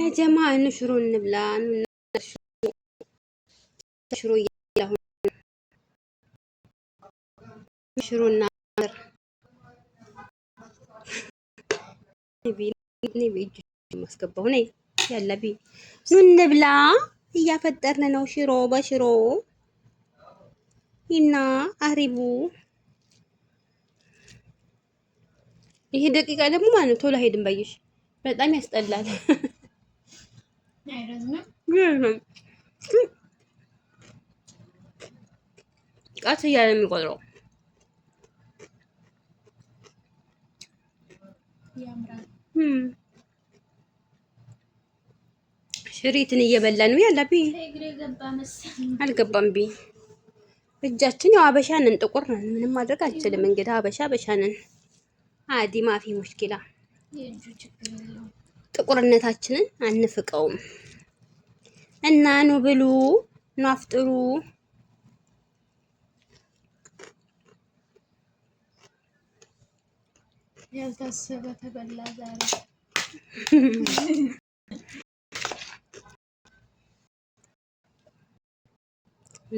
ያጀማ እን ሽሮ እንብላ ሽሮ ማስገባው ነ ያለቢ ኑ እንብላ እያፈጠርን ነው። ሽሮ በሽሮ እና አሪቡ ይሄ ደቂቃ ደግሞ ማለት ነው ቶሎ አይሄድም። ባየሽ በጣም ያስጠላል። ቀስ እያለ የሚቆጥረው ሽሪትን እየበላ ነው ያለብኝ። አልገባም ቢ እጃችን ያው አበሻ ነን፣ ጥቁር ነን። ምንም ማድረግ አንችልም። እንግዲህ አበሻ አበሻ አዲ ማፊ ሙሽኪላ ጥቁርነታችንን አንፍቀውም። እና ኑ ብሉ፣ ኑ አፍጥሩ። ያልታሰበ ተበላ ዛሬ።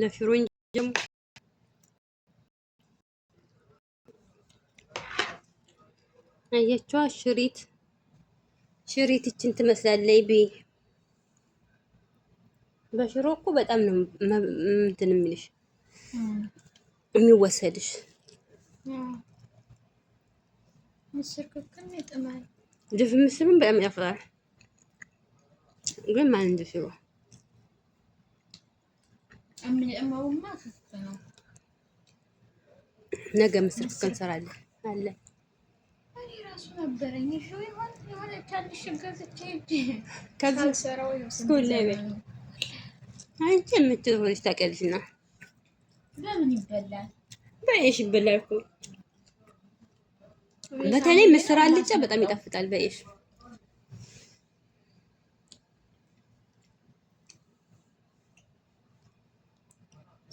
ለሽሮ እንጀም አያችኋት። ሽሪት ሽሪት እችን ትመስላለች። በሽሮ እኮ በጣም ነው እንትን የሚልሽ የሚወሰድሽ። ድፍ ምስርም በጣም ያፍራል፣ ግን ማን ድፍ ይሉ ነገ ምስር ክክ እንሰራለን አለ ነበረኝ። ከዚህ ስኩል ላይ በል አንቺ የምትሆንሽ ሆነሽ ነው። በምን ይበላል? በኢሽ ይበላል እኮ በተለይ ምስር አልጫ በጣም ይጣፍጣል። በኢሽ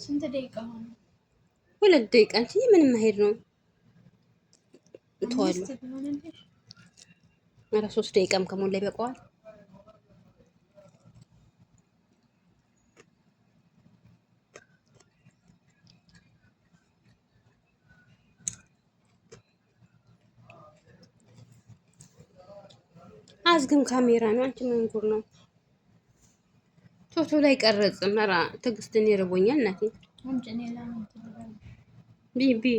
ስንት ደቂቃ ሆነ? ሁለት ደቂቃ። እንጂ ምንም መሄድ ነው ተዋሉ። ኧረ ሶስት ደቂቃም ከሞላ ይበቃዋል። አዝግም ካሜራ ነው። አንቺ መንጉር ነው ቶቶ ላይ ቀረጽ መራ ትዕግስት፣ ይርቦኛል ርቦኛል። እናቴ ቢ ቢ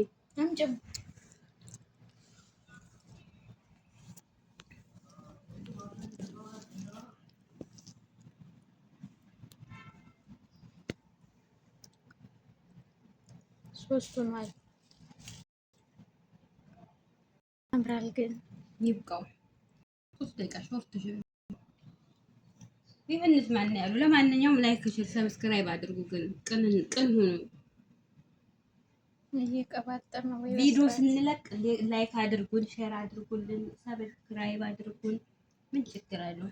ሶስቱን ማለት አምራል ግን ይብቃው። ሶስት ደቂቃ ሾርት ሽር ይህንስ ማን ያሉ። ለማንኛውም ላይክ፣ ሽር፣ ሰብስክራይብ አድርጉ። ግን ቅን ቅን ሁኑ። ቪዲዮ ስንለቅ ላይክ አድርጉን፣ ሼር አድርጉልን፣ ሰብስክራይብ አድርጉን። ምን ችግር አለው?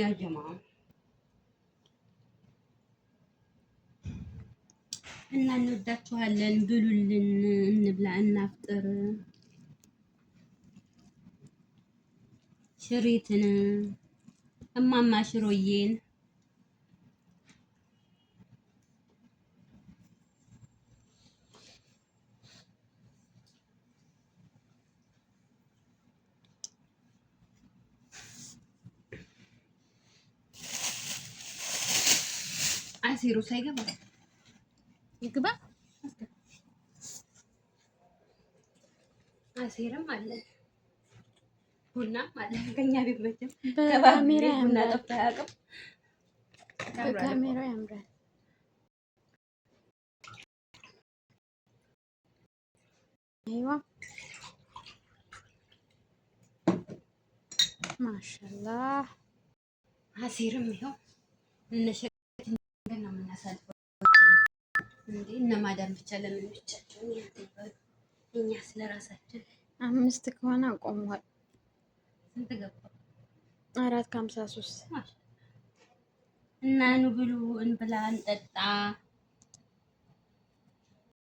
ያ ጀማ እና እንወዳችኋለን። ብሉልን፣ እንብላ፣ እናፍጥር። ሽሪትን እማማ ሽሮዬን አሲሩ ሳይገባ ይግባ አሲርም አለን። ቡና ማለት ከኛ ቤት መቼም በካሜራ ጠፍቶ አያውቅም። በካሜራ ያምራል። አይዋ ማሻላህ አሲርም ይኸው እነሸቀት ነው የምናሳልፈው እነ ማዳም ብቻ ለምን ብቻቸውን እኛ ስለራሳችን አምስት ከሆነ አቆሟል። ስንት ገባ? አራት ከሀምሳ ሶስት እና ኑ ብሉ እንብላ እንጠጣ